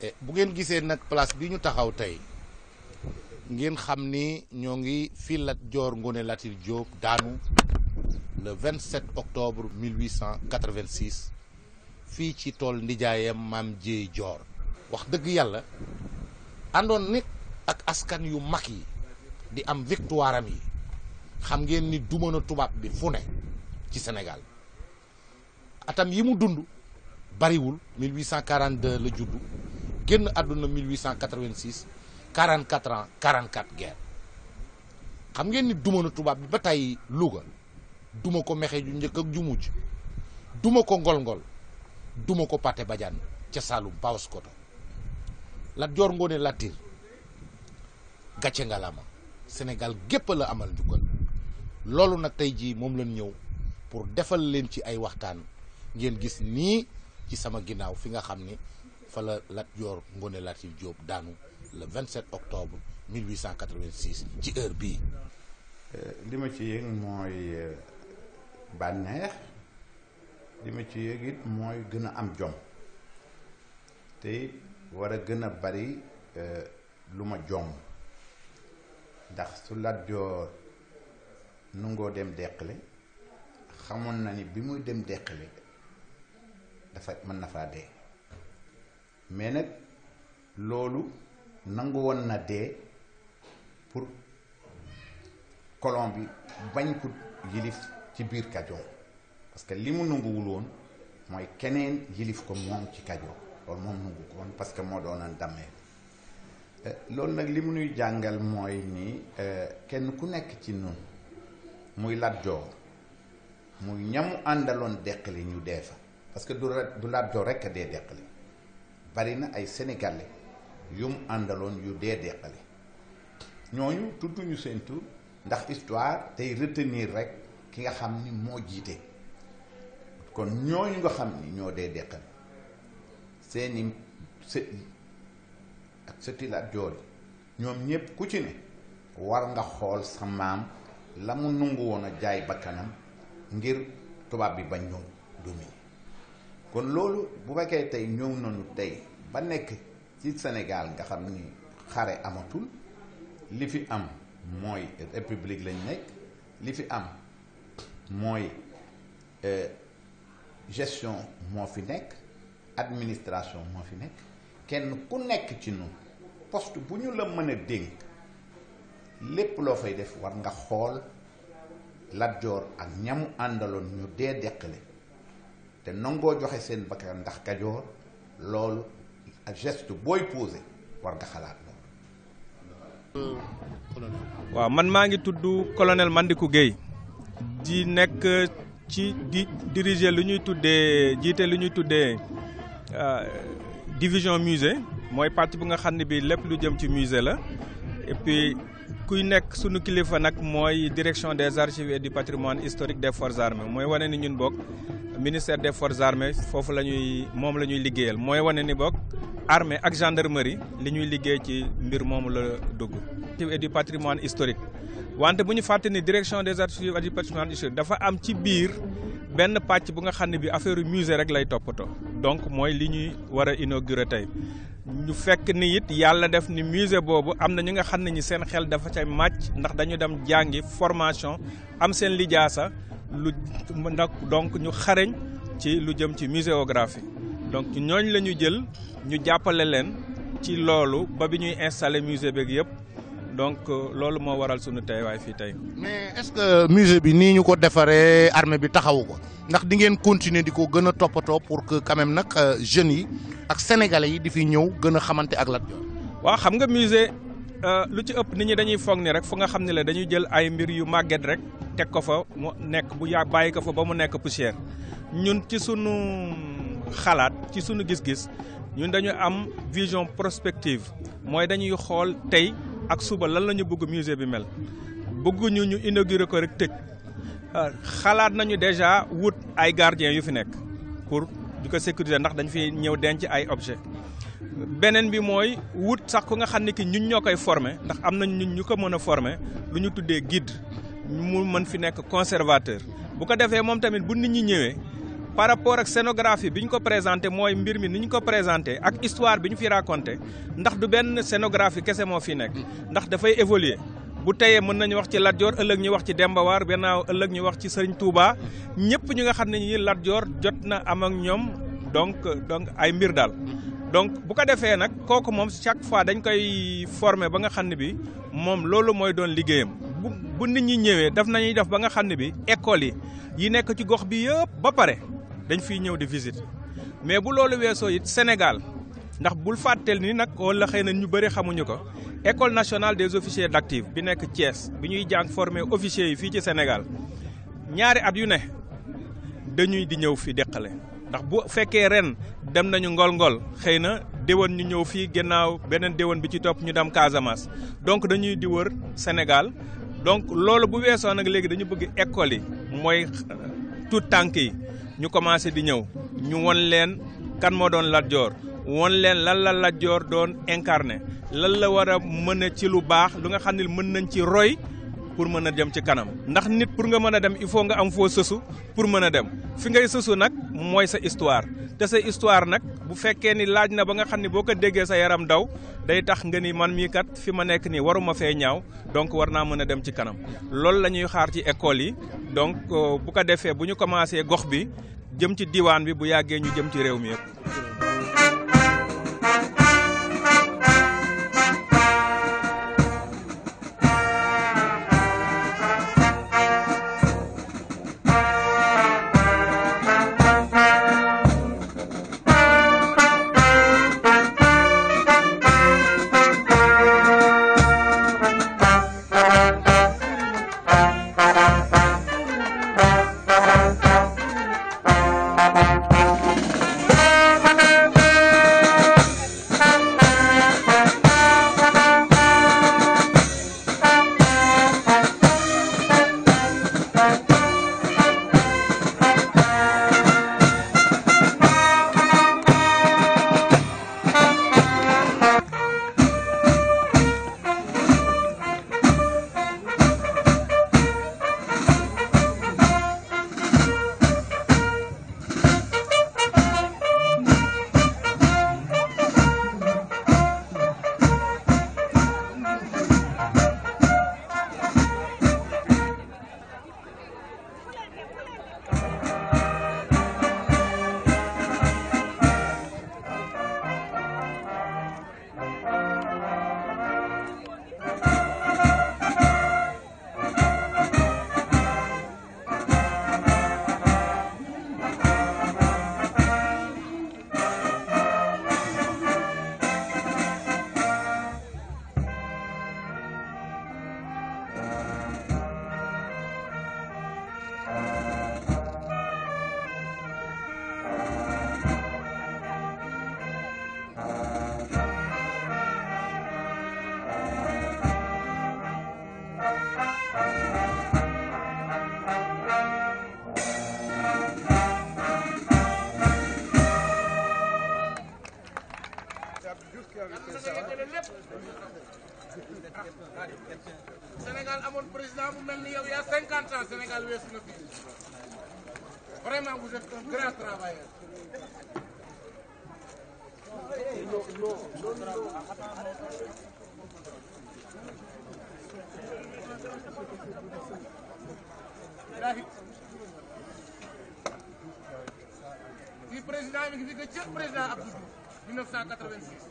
Eh, bu ngeen gisee nag place bi ñu taxaw tey ngeen xam ni ñoo ngi fi Lat Joor Ngoone Latir Diop daanu le 27 octobre 1886 fii ci tool ndijaayam maam Jéey Joor wax dëgg yàlla àndoon nit ak askan yu mag yi di am victoire yi xam ngeen ni duma na tubaab bi fu ne ci senegal atam yi mu dund bariwul 1842 la juddu génn àdduna 1886 44 ans 44 guerre xam ngeen ni duma na tubaab bi ba tey Louga duma ko mexe ju njëkk ak ju mujj duma ko ngol-ngol duma ko Paté Badiane ca Saalum Paoskoto Lat Joor Ngoone Latiir gàcce ngalaama Sénégal gépp la amal njukkal loolu nag tey jii moom lañ ñëw pour defal leen ci ay waxtaan ngeen gis nii ci sama ginnaaw fi nga xam ni fa la Lat Joor Ngoone Latif Jóob daanu le 27 octobre 1886 ci heure bii euh, li ma ci yëg mooy euh, bànneex li ma ci yëg it mooy gën a am jom te war a gën a bari euh, lu ma jom ndax su Lat Joor nungoo dem deqale xamoon na ni bi muy dem deqale dafa mën na faa dee mais nag loolu nangu woon na dee pour kolon bi bañ ko yilif ci biir Kajoor parce que li mu nanguwul woon mooy keneen yilif ko moom ci Kajoor loolu moom nangu ko woon parce que moo doonoon dammeel euh, loolu nag li mu nuy jàngal mooy ni euh, kenn ku nekk ci nun muy Lat Joor muy ñamu àndaloon deqali ñu dee fa parce que du du Lat Joor rekk a dee deqali bari na ay sénégalais yum àndaloon yu dee deqale ñooñu ñu seen tur ndax histoire tey retenir rek ki nga xam ni moo jiite kon ñooñu nga xam ni ñoo dee deqale seeni sët yi ak sëti Lat Joor yi ñoom ñépp ku ci ne war nga xool sa maam la mu nungu woon a jaay bakkanam ngir tubaab bi bañ ñoo dominer kon loolu bu fekkee tey ñëw nañu tey ba nekk ci Sénégal nga xam ni xare amatul li fi am mooy république lañ nekk li fi am mooy euh, gestion moo fi nekk administration moo fi nekk kenn ku nekk ci nu poste bu ñu la mën dénk lépp loo fay def war nga xool Lat ak ñamu àndaloon ñu dee deqale te nangoo joxe seen bakkan ndax kajoor loolu ak geste booy posé war nga xalaat loolu. waaw man maa ngi tudd colonel Mandikou Guèye di nekk ci di diriger lu ñuy tuddee jiite lu ñuy tuddee euh, division musée mooy partie bu nga xam ne bi lépp lu jëm ci musée la et kuy nekk sunu kilifa nag mooy direction des archives et du patrimoine historique des forces armées mooy wane ni ñun bokk ministère des forces armées foofu la ñuy moom lañuy ñuy liggéeyal mooy wane ni bokk armée ak gendarmerie li ñuy liggéey ci mbir moomu la dugg. archives et du patrimoine historique wante bu ñu fàtte ni direction des archives et du patrimoine historique dafa am ci biir benn pàcc bu nga xam ne bi affaire musée rek lay toppatoo donc mooy li ñuy war a inaugurer tey. ñu fekk ni it yàlla def ni musée boobu am na ñu nga xam ne ñi seen xel dafa ca màcc ndax dañu dem jàngi formation am seen lijaasa lu nag donc ñu xareñ ci lu jëm ci muséographie donc ñooñ lañu jël ñu jàppale leen ci loolu ba bi ñuy installé musée beeg yëpp donc euh, loolu moo waral sunu teewaay fii tey. mais est-ce que musée bi nii ñu ko defaree armée bi taxawu ko ndax di ngeen continuer di ko gën a toppatoo pour que quand même nag euh, jeunes yi. ak sénégalais yi di fi ñëw gën a xamante ak Lat Joor. waaw xam nga musée euh, lu ci ëpp nit ñi dañuy foog ni rek fu nga xam ne la dañuy jël ay mbir yu màgget rek teg ko fa mu nekk bu ya bàyyi ko fa ba mu nekk poussière ñun ci sunu xalaat ci sunu gis-gis ñun dañu am vision prospective mooy dañuy xool tey ak suba lan la ñu bëgg musée bi mel bëgguñu ñu inaugurer ko rek tëj euh, xalaat nañu déjà wut ay gardiens yu fi nekk pour. di ko sécuriser ndax dañ fi ñëw denc ay objet beneen bi mooy wut sax ku nga xam ne ki ñu ñoo koy former ndax am na ñun ñu ko mën a former lu ñu tuddee guide mu mën fi nekk conservateur bu ko defee moom tamit bu nit ñi ñëwee par rapport ak scénographie bi ñu ko présenté mooy mbir mi ni ñu ko présenté ak histoire bi ñu fi raconté ndax du benn scénographie kese moo fi nekk ndax dafay évoluer bu teyee mën nañu wax ci Lat Joor ëllëg ñu wax ci dembawaar War gannaaw ëllëg ñu wax ci Sëriñ Touba ñëpp ñu nga xam ne ñi Lat jot na am ak ñoom donc donc ay mbir daal. donc bu ko defee nag kooku moom chaque fois dañ koy former ba nga xam ne bi moom loolu mooy doon liggéeyam. bu bu nit ñi ñëwee daf nañuy def ba nga xam ne bi école yi yi nekk ci gox bi yëpp ba pare dañ fiy ñëw di visite mais bu loolu weesoo it Sénégal ndax bul fàtteel ni nag wala xëy na ñu bëri xamuñu ko. école nationale des officiers d'active bi nekk cees bi ñuy jàng former officiers yi fii ci Sénégal ñaari at yu ne dañuy di ñëw fi deqale ndax bu fekkee ren dem nañu ngol-ngol xëy na déwan ñu ñëw fii ginnaaw beneen déwan bi ci topp ñu dem Casamance donc dañuy di wër Sénégal donc loolu bu weesoo nag léegi dañu bëgg école yi mooy euh, tout tànk yi ñu commencé di ñëw ñu won leen kan moo doon Lat Joor won leen lan la Lat Joor doon incarné lan la war a mën a ci lu baax lu nga xam ne mën nañ ci roy pour mën a dem ci kanam ndax nit pour nga mën a dem il faut nga am foo sësu pour mën a dem fi ngay sësu nag mooy sa histoire te sa histoire nag bu fekkee ni laaj na ba nga xam ne boo ko déggee sa yaram daw day tax nga ni man mii kat fi ma nekk nii waruma fee ñaaw donc war naa mën a dem ci kanam loolu la ñuy xaar ci école yi donc euh, bu ko defee bu ñu commencé gox bi jëm ci diwaan bi bu yàggee ñu jëm ci réew mi Sénégal amoon président bu mel ni yow yaa cinquante ans Sénégal vraiment vous êtes grand travailleur. fii président mi ngi fi que cër président Abdou Diouf 1986.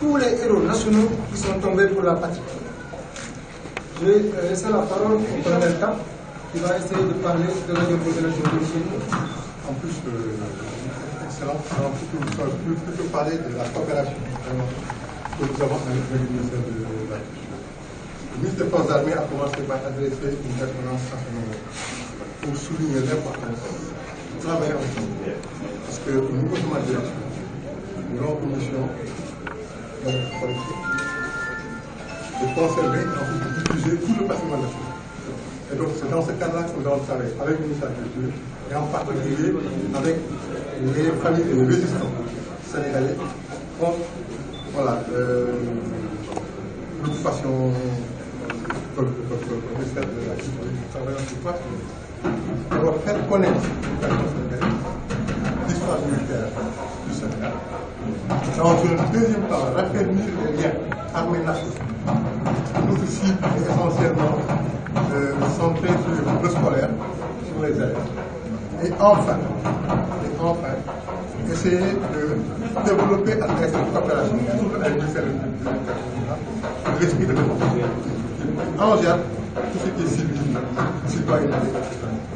tous les héros nationaux qui sont tombés pour la patrie. Je vais laisser parole au colonel Cap, qui va essayer de parler de la déposition En plus, euh, excellent, alors plutôt, plutôt, de la coopération que nous avons avec le ministère de la Culture. Le ministre des Forces armées a commencé par adresser une réponse à ce pour souligner l'importance de travailler ensemble. Parce que au niveau de ma direction, nous avons une mission de conserver, ensuite de diffuser tout le patrimoine national. Et donc c'est dans ce cadre-là que nous allons travailler avec le ministère de la Culture et en particulier avec les familles et les résistants sénégalais contre voilà, euh, l'occupation que euh, le ministère de la Culture travaille sur quoi Alors faire connaître l'histoire militaire Sénégal. Donc, le deuxième temps, raffermir les liens armées-nation. Notre cible est essentiellement euh, centrée sur les groupes scolaires, sur les élèves. Et enfin, et enfin, essayer de développer à travers cette coopération, toujours avec le ministère de l'esprit de démocratie. En général, tout ce qui est civilisme, citoyenneté, etc.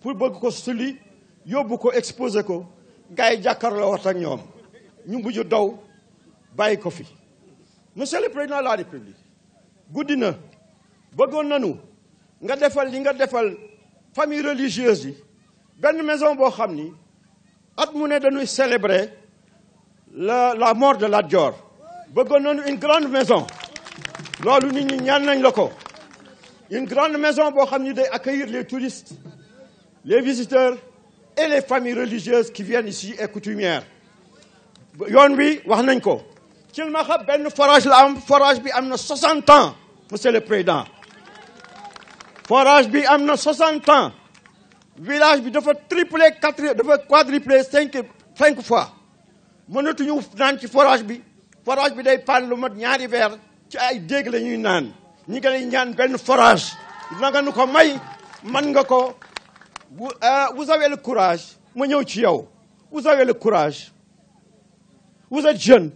pour bëgg ko sulli yóbbu ko exposé ko gars yi jàkkaarloo wax ak ñoom ñu mujj daw bàyyi ko fi monsieur le président de la république guddi na bëggoon nanu nga defal li nga defal famille religieuse yi benn maison boo xam ni at mu ne dañuy célébrer la la mort de Lat Dior bëggoon nanu une grande maison loolu nit ñi ñaan nañ la ko une grande maison boo xam ni day accueillir les touristes les visiteurs et les familles religieuses qui viennent ici et coutumières yoon wi wax nañ ko Thilmakha benn forage la am forage bi am na 60 ans monsieur le président forage bi am na 60 ans village bi dafa triplé quatre dafa quadruplé cinq cinq fois mënatuñu naan ci forage bi forage bi day panne lu mat ñaari weer ci ay dégg la ñuy naan ñi ngi ñaan benn forage na nga nu ko may mën nga ko vous, euh, vous avez le courage ma ñëw ci yow vous avez le courage vous êtes jeune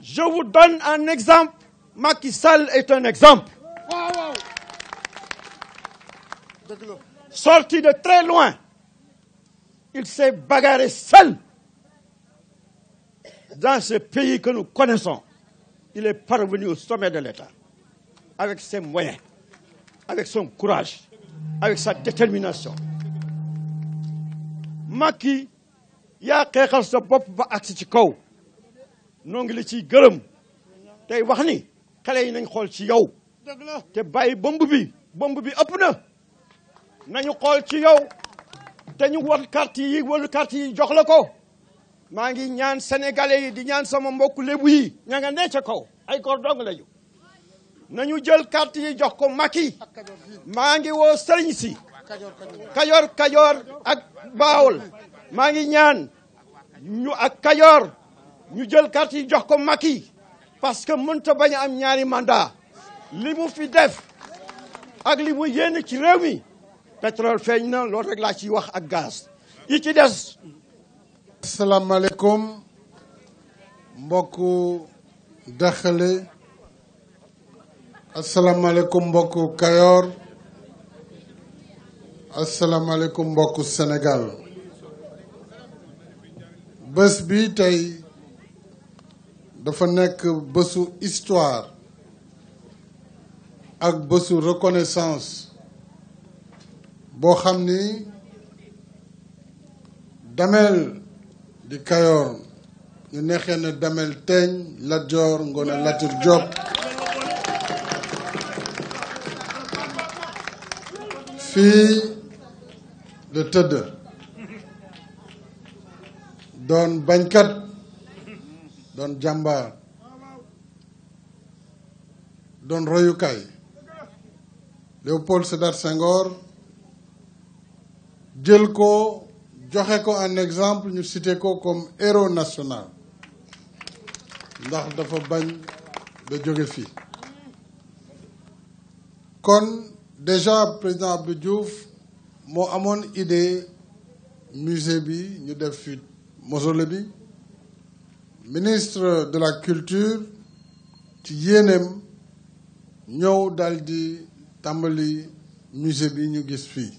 je vous donne un exemple Macky Sall est un exemple sorti de très loin il s'est bagarré seul dans ce pays que nous connaissons il est parvenu au sommet de l'État avec ses moyens avec son courage avec sa détermination Macky yaa xeexal sa bopp ba agsi ci kaw noo ngi la ciy gërëm tey wax ni xale yi nañ xool ci yow te bàyyi bomb bi bomb bi ëpp na nañu xool ci yow te ñu war carte yi wala yi jox la ko maa ngi ñaan sénégalais yi di ñaan sama mbokku lébu yi ña nga ne ca kaw ay góor dong lañu na ñu jël carte yi jox ko Macky maa ngi woo sëriñ si Kajoor Kajoor ak Baawol maa ngi ñaan ñu ak Kajoor ñu jël kart yi jox ko Macky parce que mënta bañ a am ñaari mandat li mu fi def ak li mu yénn ci réew mi pétrole feeñ na lool rek laa ciy wax ak gaz yi ci des asalaamaaleykum mbokku daxale asalaamaaleykum mbokku Kayoor asalaamaaleykum mbokku Sénégal bés bi tey dafa nekk bésu histoire ak bésu reconnaissance boo xam ni damel di Kayoor ñu neexee na damel teeñ Lat Joor Ngoone Latir Jóob fii de tëdd doon bañkat doon jàmbaar doon royukaay Léopold Sédar Senghor jël ko joxe ko en exemple ñu cité ko comme héros national ndax dafa bañ ba jóge fii kon déjà président Abdou Diouf moo amoon idée musée bi ñu def fi mosole bi ministre de la culture ci yéeneem ñëw dal di tàmbali musée bi ñu gis fii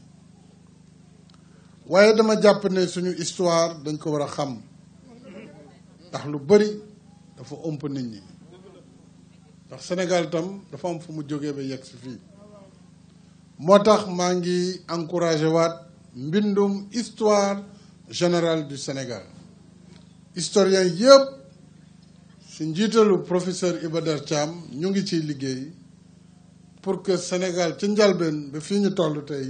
waaye dama jàpp ne suñu histoire dañ ko war a xam ndax lu bëri dafa ëmp nit ñi ndax Sénégal itam dafa am fu mu jógee ba yegg si fii moo tax maa ngi encouragé waat mbindum histoire générale du Sénégal historien yëpp si njiitalu professeur Iba Der ñu ngi ciy liggéey pour que Sénégal ci njalbeen ba fii ñu toll tey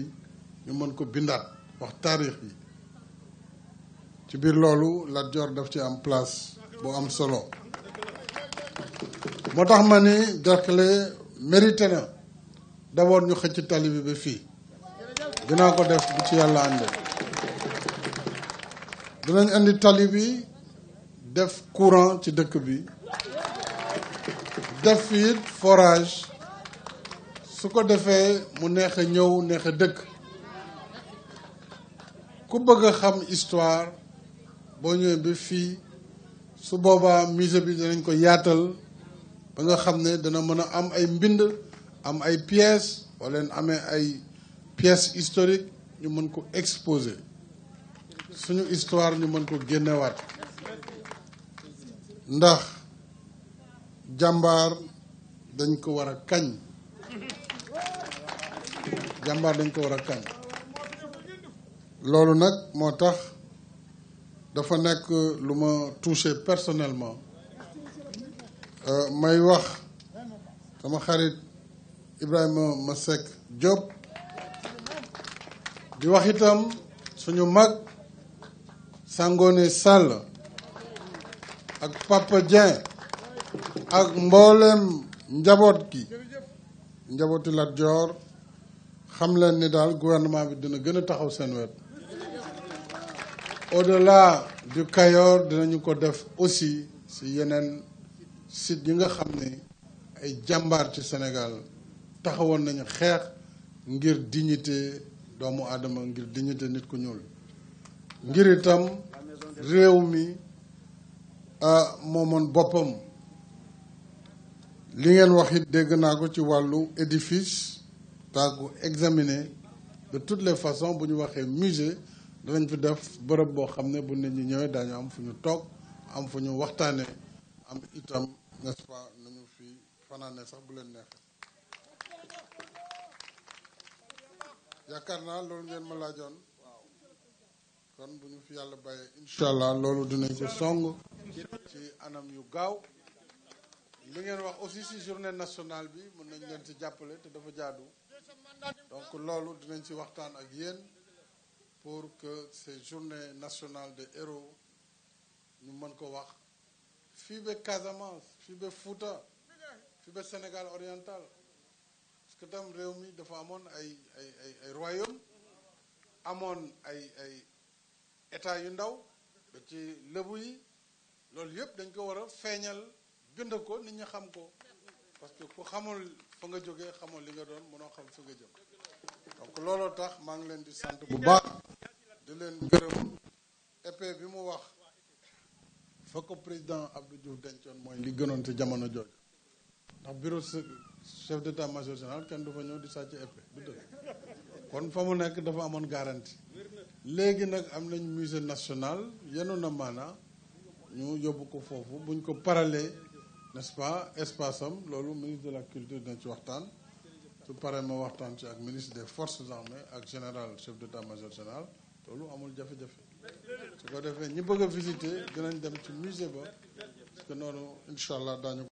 ñu mën ko bindaat wax taarix yi ci biir loolu Lat Dior ci am place bu am solo moo tax ma ni Derklé mérité d'abord ñu xëcc tali bi ba fii dinaa ko def bu ci yàlla ànde dinañ andi tali bi def courant ci dëkk bi def fii forage su ko defee mu neex a ñëw neex a dëkk ku bëgg a xam histoire boo ñëwee ba fii su boobaa musée bi dinañ ko yaatal ba nga xam ne dana mën a am ay mbind am ay pièces wala leen amee ay pièces historiques ñu mën ko exposé suñu histoire ñu mën ko génnewaat ndax jàmbaar dañ ko war a kañ jàmbaar dañ ko war a kañ loolu nag moo tax dafa nekk lu ma touché personnellement euh, may wax sama xarit Ibrahima Masek Diop di wax itam suñu mag Sangone Sall ak Papa jin ak mboolem njaboot gi njabooti Lat Dior xam leen ni daal gouvernement bi dina gën a taxaw seen wet au-delà du Kayor dinañu ko def aussi ci yeneen site yi nga xam ni ay jàmbaar ci Sénégal taxawoon nañu xeex ngir dignité doomu adama ngir dignité nit ku ñuul ngir itam réew mi moomoon boppam li ngeen wax it dégg naa ko ci wàllu édifice taa ko examiner de toutes les façons bu ñu waxee musée danañ fi def bërëb boo xam ne bu nit ñi ñëwee daañu am fu ñu toog am fu ñu waxtaanee am itam n'est-ce pas fi fanaane sax bu leen neexee yaakaar naa loolu ngeen ma laajoon kon bu ñu fi yàlla bàyyee incha allah loolu dinañ ko song ci anam yu gaaw li ngeen wax aussi si journée nationale bi mën nañ ngeen ci jàppale te dafa jaadu donc loolu dinañ ci waxtaan ak yéen pour que ces journées nationales des héros ñu mën ko wax fii ba Casamance fii ba Fouta fii ba Sénégal oriental que tam réew mi dafa amoon ay ay ay ay royaume amoon ay ay état yu ndaw ba ci lëbu yi loolu yëpp dañ ko war a feeñal bind ko nit ñi xam ko parce que ku xamul fa nga jóge xamul li nga doon mënoo xam fa nga jëm donc looloo tax maa ngi leen di sant bu baax di leen gërëm épée bi mu wax fa président président Abdou Diouf dencoon mooy li gënoon ci jamono jooju ndax bureau chef d' état major général kenn du fa ñëw di sàcc épée du dëgg kon fa mu nekk dafa amoon garantie léegi nag am nañ musée national yenu na maana ñu yóbbu ko foofu buñ ko paralee n'est-ce pas espace am loolu ministre de la culture dina ci waxtaan su paree ma waxtaan ci ak ministre des forces armées ak général chef d' état major général loolu amul jafe-jafe su ko defee ñi bëgg a visiter dinañ dem ci musée ba parce noonu incha allah